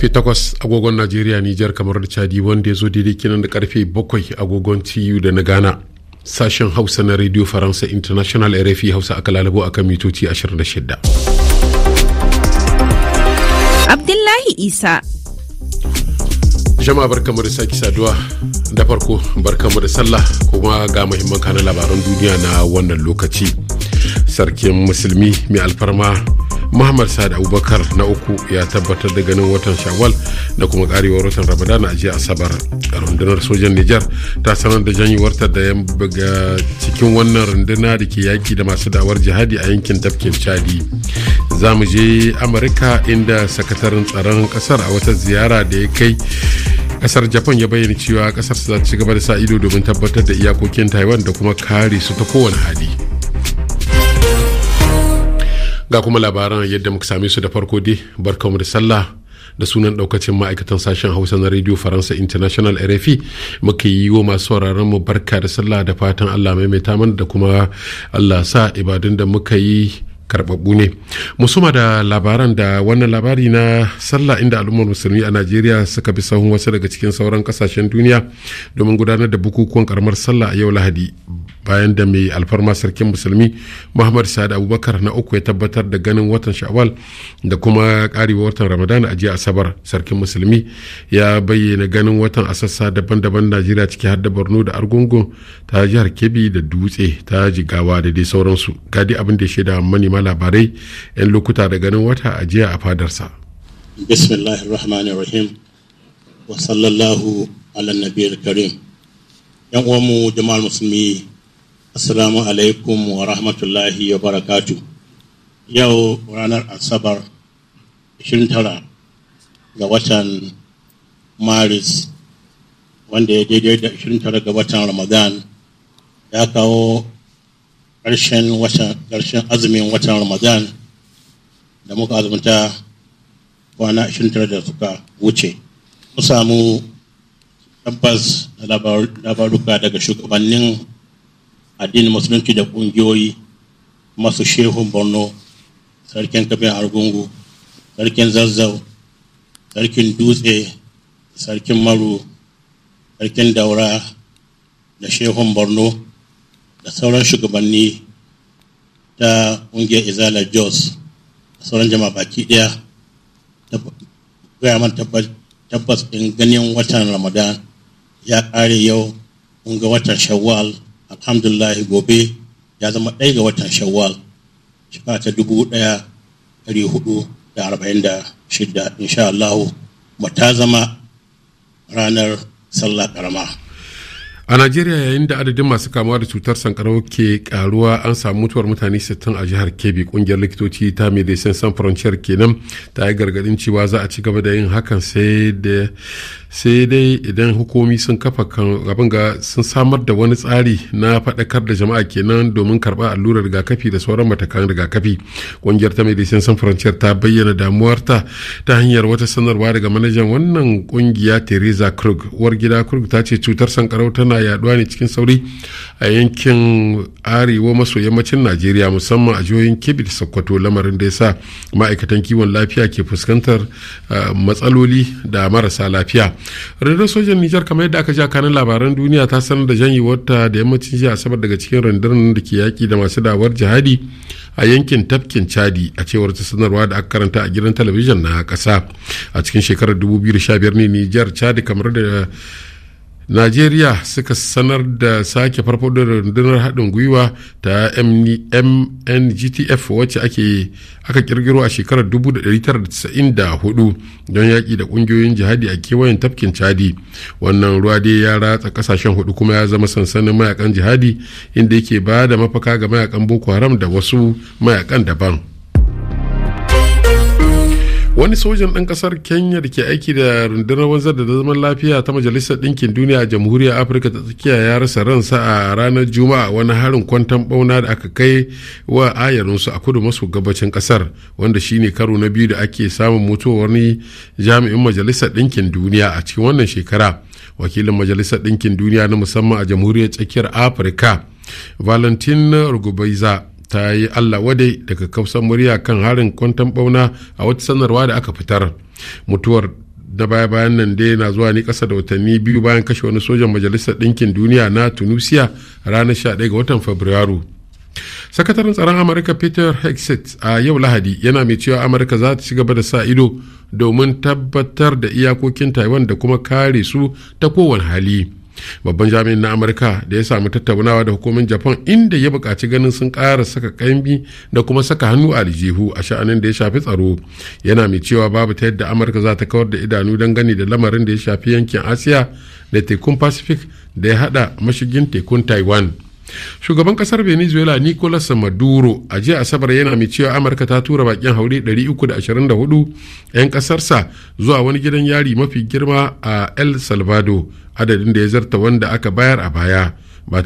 karfe 8 agogon najeriya nijar kamar da chadi wanda ya zo daidai kenan da karfe 7 agogon tu da na ghana sashen hausa na radio faransa international rfi hausa aka lalabo akan mitoci 26 abdullahi isa jama'a bar da saki saduwa da farko barkamu da sallah kuma ga muhimman kanan labaran duniya na wannan lokaci sarkin musulmi mai alfarma muhammad sa'ad abubakar na uku ya tabbatar da ganin watan shawwal da kuma karewar watan ramadana a jiya asabar rundunar sojan nijar ta sanar da janyewarta da ya buga cikin wannan runduna da ke yaki da masu dawar jihadi a yankin tafkin chadi za mu je amurka inda sakataren tsaron kasar a wata ziyara da ya kai kasar japan ya bayyana cewa kasar za ta ci gaba da sa ido domin tabbatar da iyakokin taiwan da kuma kare su ta kowane hali ga kuma labaran yadda muka same su da farko dai mu da sallah da sunan daukacin ma'aikatan sashen hausa na radio faransa international rfi muka yi wa masu wararen mu barka da sallah da fatan allah maimaita mana da kuma allah sa ibadun da muka yi karbabbu ne musuma da labaran da wannan labari na sallah inda al'ummar musulmi a najeriya suka bi sahun wasu daga cikin sauran kasashen duniya domin gudanar da bukukuwan karamar sallah a yau lahadi bayan da mai alfarma sarkin musulmi muhammad sadi abubakar na uku ya tabbatar da ganin watan sha'awal da kuma karewa watan ramadan a jiya asabar sarkin musulmi ya bayyana ganin watan a sassa daban-daban najeriya ciki har da borno da argungu ta jihar kebbi da dutse ta jigawa da dai sauransu gadi abin da ya shaida manema labarai 'yan lokuta da ganin wata a jiya a fadarsa bismillahirrahmanirrahim wa sallallahu ala nabiyar karim yan uwanmu jama'ar musulmi Assalamu alaikum wa rahmatullahi wa barakatu. Yau ranar Asabar 29 ga watan Maris wanda ya daidai da 29 ga watan Ramadan ya kawo ƙarshen azumin watan Ramadan da muka azumta kwana 29 da suka wuce. Mu samu tabbas da labaruka daga shugabannin addinin musulunci da ƙungiyoyi masu shehun borno sarkin kafin argungu sarkin zazzau sarkin dutse sarkin maru sarkin daura da shehun borno da sauran shugabanni ta ƙungiyar izala jos da sauran jama'a baki ɗaya gaya man tabbas ɗin ganin watan ramadan ya ƙare yau kunga watan shawwal alhamdulillahi gobe ya zama ɗaya ga watan shawwal shekara ta dubu ɗaya ɗari hudu da arba'in da shida insha Allahu ta zama ranar sallah ƙarama. a najeriya yayin da adadin masu kamuwa da cutar sankarau ke karuwa an samu mutuwar mutane 60 a jihar kebbi kungiyar likitoci ta medecines sans frontier kenan ta yi gargadin cewa za a ci gaba da yin hakan sai da sai dai idan hukumi sun kafa kan abin ga sun samar da wani tsari na faɗakar da jama'a kenan domin karɓar allurar rigakafi da sauran matakan rigakafi ƙungiyar ta medecines sun frontier ta bayyana damuwarta ta hanyar wata sanarwa daga manajan wannan ƙungiya theresa krug uwar gida krug ta ce cutar sankarau tana yaduwa ne cikin sauri a yankin arewa maso yammacin najeriya musamman a jihohin kebbi da sokoto lamarin da ya sa ma'aikatan kiwon lafiya ke fuskantar ah, matsaloli da marasa lafiya rundunar sojan nijar kamar yadda aka ji kanin labaran duniya ta sanar da janyewar ta da yammacin jiya asabar daga cikin rundunar da ke yaƙi da masu dawar jihadi a yankin tafkin chadi a cewar ta sanarwa da aka karanta a gidan talabijin na kasa a cikin shekarar 2015 ne nijar chadi kamar da najeriya suka sanar da sake farfado rundunar haɗin gwiwa ta mngtf wacce ake aka kirkiro a shekarar 1994 don yaƙi da ƙungiyoyin jihadi a kewayen tafkin chadi wannan ruwa dai ya ratsa ƙasashen hudu kuma ya zama sansanin mayakan jihadi inda yake ba da mafaka ga mayakan boko haram da wasu mayakan daban wani sojan ɗan ƙasar kenya da ke aiki da rundunar wanzar da zaman lafiya ta majalisar ɗinkin duniya a jamhuriyar afirka ta tsakiya ya rasa ransa a ranar juma'a wani harin kwantan bauna da aka kai wa ayarinsu a kudu maso gabacin ƙasar wanda shine karo na biyu da ake samun mutuwar wani jami'in majalisar ɗinkin duniya a cikin wannan shekara wakilin majalisar ɗinkin duniya na musamman a jamhuriyar tsakiyar afirka valentin rugubaiza ta yi allah wadai daga kausan murya kan harin kwantan bauna a wata sanarwa da aka fitar mutuwar na baya bayan nan dai na zuwa ni kasa da watanni biyu bayan kashe wani sojan majalisar ɗinkin duniya na tunisia ranar 11 ga watan fabrairu sakataren tsaron amurka peter hexet a yau lahadi yana mai cewa amurka za ta ci gaba da sa ido domin tabbatar da iyakokin taiwan da kuma kare su ta kowane hali babban jami'in na amurka da ya samu tattaunawa da hukumin japan inda ya buƙaci ganin sun ƙara saka ƙaimi da kuma saka hannu a aljihu a sha'anin da ya shafi tsaro yana mai cewa babu ta yadda amurka za ta kawar da idanu don gani da lamarin da ya shafi yankin asiya da tekun pacific da ya haɗa mashigin tekun taiwan shugaban kasar venezuela nicolas maduro a jiya asabar yana mai cewa amurka ta tura bakin haure 324 'yan kasarsa zuwa wani gidan yari mafi girma a el salvador adadin da ya zarta wanda aka bayar a baya ba